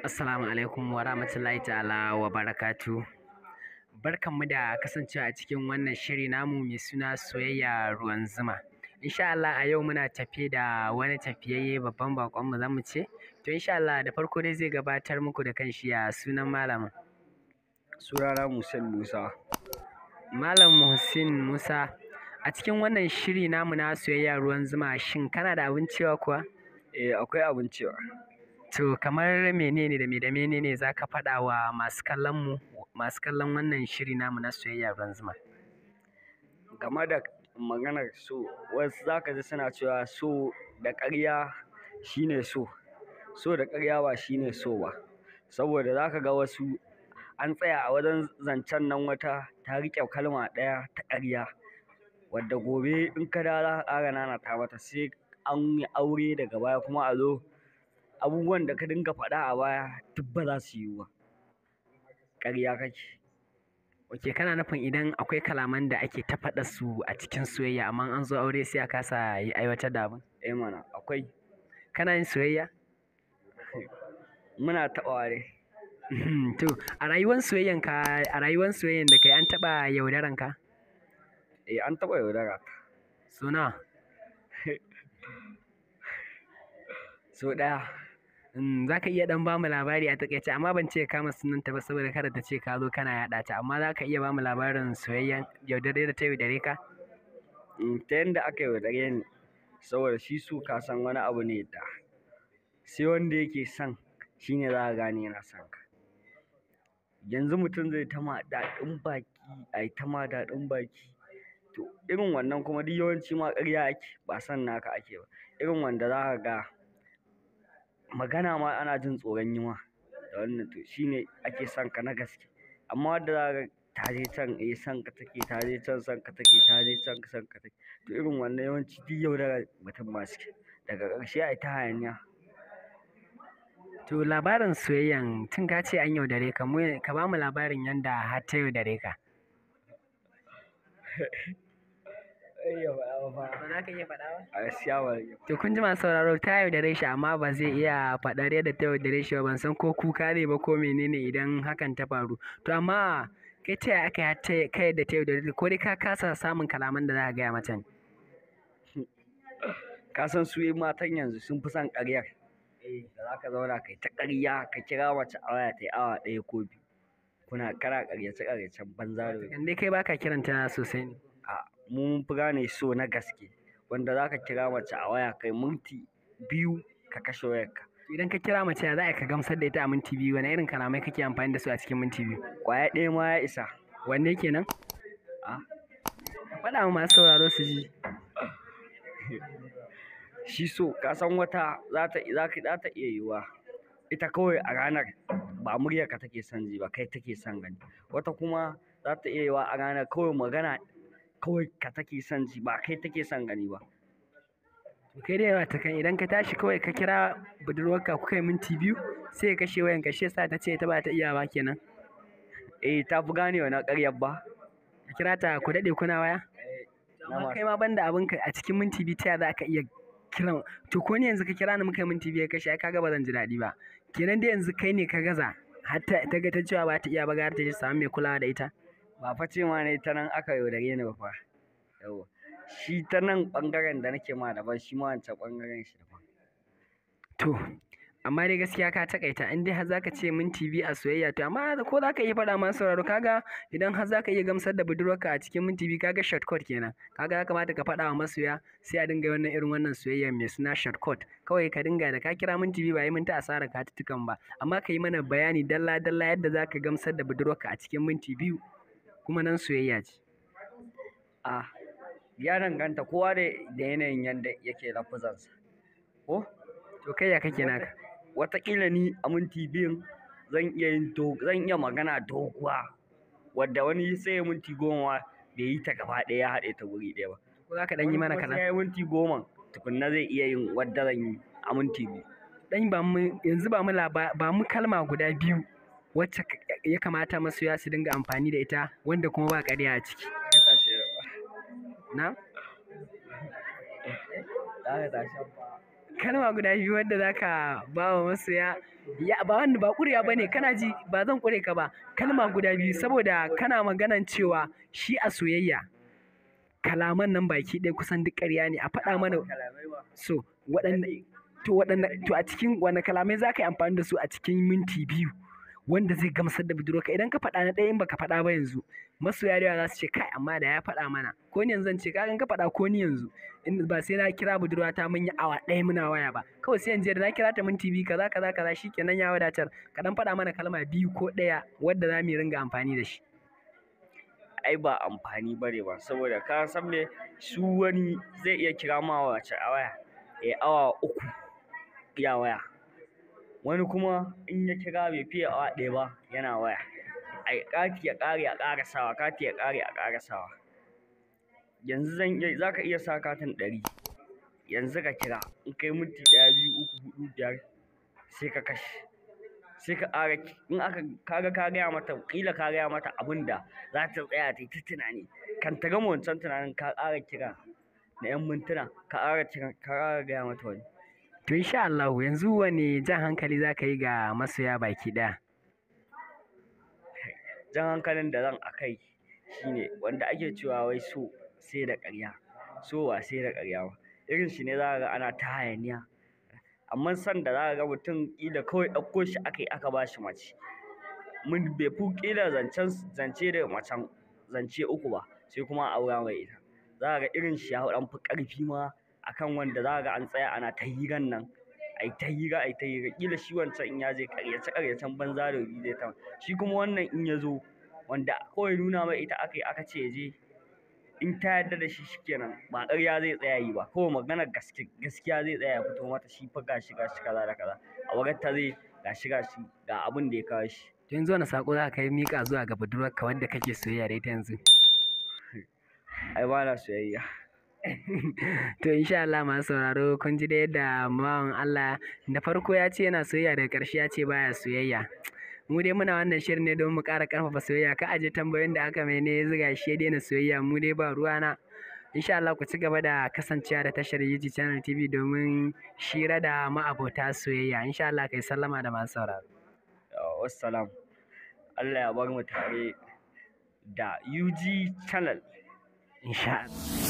Assalamu alaikum wa rahmatullahi ta'ala wa barakatu. Barkanmu da kasancewa a cikin wannan shiri namu mai suna soyayya ruwan zuma. Insha Allah a yau muna tafe da wani tafiyayye babban baƙonmu za mu ce. To insha Allah da farko dai zai gabatar muku da kanshi a sunan malamin. Surara Musin Musa. Malam Muhsin Musa, a cikin wannan shiri namu na soyayya ruwan zuma shin kana da abin cewa kuwa? Eh akwai abin cewa. To kamar menene da me da menene za ka faɗa wa masu kallon wannan shiri namu na soyayya ruwan zuma? Game da maganar so, wasu za ka ji suna cewa so da ƙarya ne so, so da ƙarya ba shine so ba. Saboda za ka ga wasu an tsaya a wajen zancen nan wata ta riƙe kalma ɗaya ta ƙarya, wadda gobe in ka dawo za ka ƙara ta mata sai an yi aure daga baya kuma a zo abubuwan da ka dinga faɗa a baya duk ba za su yiwu ba ƙarya kake Oke kana nufin idan akwai kalaman da ake ta faɗa su a cikin soyayya amma an zo aure sai a kasa yi aiwatar da abin eh mana akwai kana yin soyayya muna taɓa ware to a rayuwar soyayyan ka a rayuwar soyayyan da kai an taɓa yaudaran ka eh an taɓa yaudara suna so ɗaya Mm, za ka iya dan bamu labari a takaice amma ban ce kama ta ba saboda kada ta ce ka zo kana yaɗa ta amma za ka iya bamu labarin soyayyen yaudare da ta yaudare ka mm, ta yadda aka yaudare ni saboda shi su ka san wani abu ne da sai wanda yake son shi ne za a gane yana son ka yanzu mutum zai ta ma daɗin baki a yi ta ma daɗin baki to irin wannan kuma duk yawanci ma ƙarya ake ba son naka ake ba irin wanda za ka ga magana ma ana jin tsoron yi ma da wannan to shi ne ake son ka na gaske amma wanda za ka ta je can eh son ka take ta je can son ka take ta je can son ka take to irin wannan yawanci duk yaudara mutum ma suke daga ƙarshe ai ta hayaniya to labarin soyayyan tun ka ce an yaudare ka ka ba mu labarin yanda har ta yaudare ka iya faɗa ba ba za ka iya faɗa ba kun ji masu sauraro ta yaudare shi amma ba zai iya faɗar yadda ta yaudare shi ba ban san ko kuka ne ba ko menene idan hakan ta faru to amma kai ta yaya aka yi kai yadda ta yaudare ko dai ka kasa samun kalaman da za ka gaya mata ka san su yi matan yanzu sun fi son ƙaryar eh. da za ka zauna kai ta ƙarya ka kira wace a waya ta yi awa ɗaya ko biyu kuna kara ƙaryace ƙaryacen banza da dai kai baka kiranta sosai ne mun fi gane so na gaske wanda za ka kira mace a waya kai minti biyu ka kashe wayarka idan ka kira mace ya za ka gamsar da ita a minti biyu wani irin kalamai kake amfani da su a cikin minti biyu kwaya ɗaya ma ya isa wanne kenan a ah? faɗa ma masu sauraro su ji shi so ka san wata za ta iya yiwuwa ita kawai a ranar ba muryarka take son ji ba kai take son gani wata kuma za ta iya wa a ranar kawai magana kawai ka take son ji ba kai take son gani ba to kai dai ta kan idan ka tashi kawai ka kira budurwarka kuka yi minti biyu sai ka kashe wayan kashe, sa ta ce ta ba ta iya ba kenan eh ta fi gane na ƙaryar ba ka kira ta ku daɗe kuna waya amma kai ma banda abin ka a cikin minti biyu ta za ka iya kiran to ko ni yanzu ka kira ni muka yi minti biyu kashe ai kaga ba zan ji daɗi ba kenan dai yanzu kai ne ka gaza har ta ga ta cewa ba ta iya ba ga ta ji samu mai kulawa da ita ba fa ce ma ne ta nan aka yaudare ni ba fa yawa shi ta nan ɓangaren da nake ma daban shi ma wancan ɓangaren shi daban to amma dai gaskiya ka takaita in dai har zaka ce min TV a soyayya to amma ko zaka iya faɗa masu sauraro kaga idan har zaka iya gamsar da budurwarka a cikin min TV kaga shortcut kenan kaga ya kamata ka faɗa wa masoya sai a dinga wannan irin wannan soyayya mai suna shortcut kawai ka dinga da ka kira min TV ba yi minti asara ka tutukan ba amma ka yi mana bayani dalla dalla yadda zaka gamsar da budurwarka a cikin minti TV. kuma nan soyayya ce a ya danganta kowa da yanayin yadda yake lafuzansa ko to kai ya kake naka wataƙila ni a minti biyun zan iya yin zan iya magana doguwa wadda wani sai ya minti goma bai yi ta gaba ɗaya ya haɗe ta wuri ɗaya ba ko za ka ɗan yi mana kana sai ya minti goma tukunna zai iya yin wadda zan yi a minti biyu dan ba mu yanzu ba mu ba mu kalma guda biyu wacce ya kamata masoya su dinga amfani da ita wanda kuma ba ƙarya a ciki na kalma guda biyu wanda ka ba wa masoya ya ba wanda ba ƙuriya ne? kana ji ba zan ƙure ka ba kalma guda biyu saboda kana maganan cewa shi a soyayya kalaman nan baki ɗaya kusan duk ƙarya ne a faɗa mana so waɗanda to a cikin wani kalamai za ka yi amfani da su a cikin minti biyu wanda zai gamsar da budurwarka idan ka faɗa na ɗaya in baka faɗa ba yanzu masoya yarewa za su ce kai amma da ya faɗa mana ko ni yanzu ce kagan ka faɗa ko ni yanzu in ba sai na kira budurwata mun yi awa ɗaya muna waya ba kawai sai yanzu da na kira ta minti biyu kaza kaza kaza shikenan ya wadatar ka dan faɗa mana kalma biyu ko ɗaya wadda za mu ringa amfani da shi ai ba amfani ne ba saboda ka san me su wani zai iya kira mu a waya eh awa uku ya waya wani kuma in ya kira bai fiye awa ɗaya ba yana waya a kati ya ƙare a ƙarasawa kati ya ƙare a ƙarasawa yanzu zan iya za ka iya sa katin ɗari yanzu ka kira in kai minti ɗaya biyu uku huɗu biyar sai ka kashe sai ka ƙara in aka kaga ka gaya mata ƙila ka gaya mata abin da za ta tsaya ta yi ta tunani kan ta gama wancan tunanin ka ƙara kira na 'yan mintuna ka ƙara gaya mata wani To insha Allah yanzu wane jan hankali za ka yi ga masoya baki ɗaya? Jan hankalin da zan a kai ne wanda ake cewa wai so sai da ƙarya, so ba sai da ƙarya ba. Irin shi ne za ka ga ana ta hayaniya. Amma san da za ka ga mutum ƙila kawai ɗauko shi aka yi aka ba shi mace. Mun bai fi ƙila zance da macen zance uku ba sai kuma a aura mai ita. Za ka ga irin shi ya ɗan fi ƙarfi ma akan wanda za ga an tsaya ana ta hiran nan a yi ta hira yi ta hira kila shi wancan in ya je karyace karyacen banza da wuri zai ta shi kuma wannan in ya zo wanda kawai nuna mai ita aka yi aka ce ya je in ta yarda da shi shikenan ba ƙarya zai tsaya yi ba kawai magana gaskiya zai tsaya ya fito mata shi fa gashi gashi kaza da kaza a wagar ta zai gashi gashi ga abin da ya kawo shi to yanzu wani sako za ka yi mika zuwa ga budurwarka wanda kake soyayya da ita yanzu ai ba na soyayya to insha Allah masu sauraro kun ji da yadda Allah da farko ya ce yana soyayya daga ƙarshe ya ce baya soyayya. Mu dai muna wannan shirin ne don mu ƙara ƙarfafa soyayya ka aje tambayoyin da aka mai ne ya zuga shi daina soyayya mu dai ba ruwana. Insha Allah ku ci gaba da kasancewa da tashar yiji Channel TV domin shira da ma'abota soyayya. Insha Allah kai sallama da masu sauraro. Wassalam. Allah ya bar mu tare da UG Channel. Insha Allah.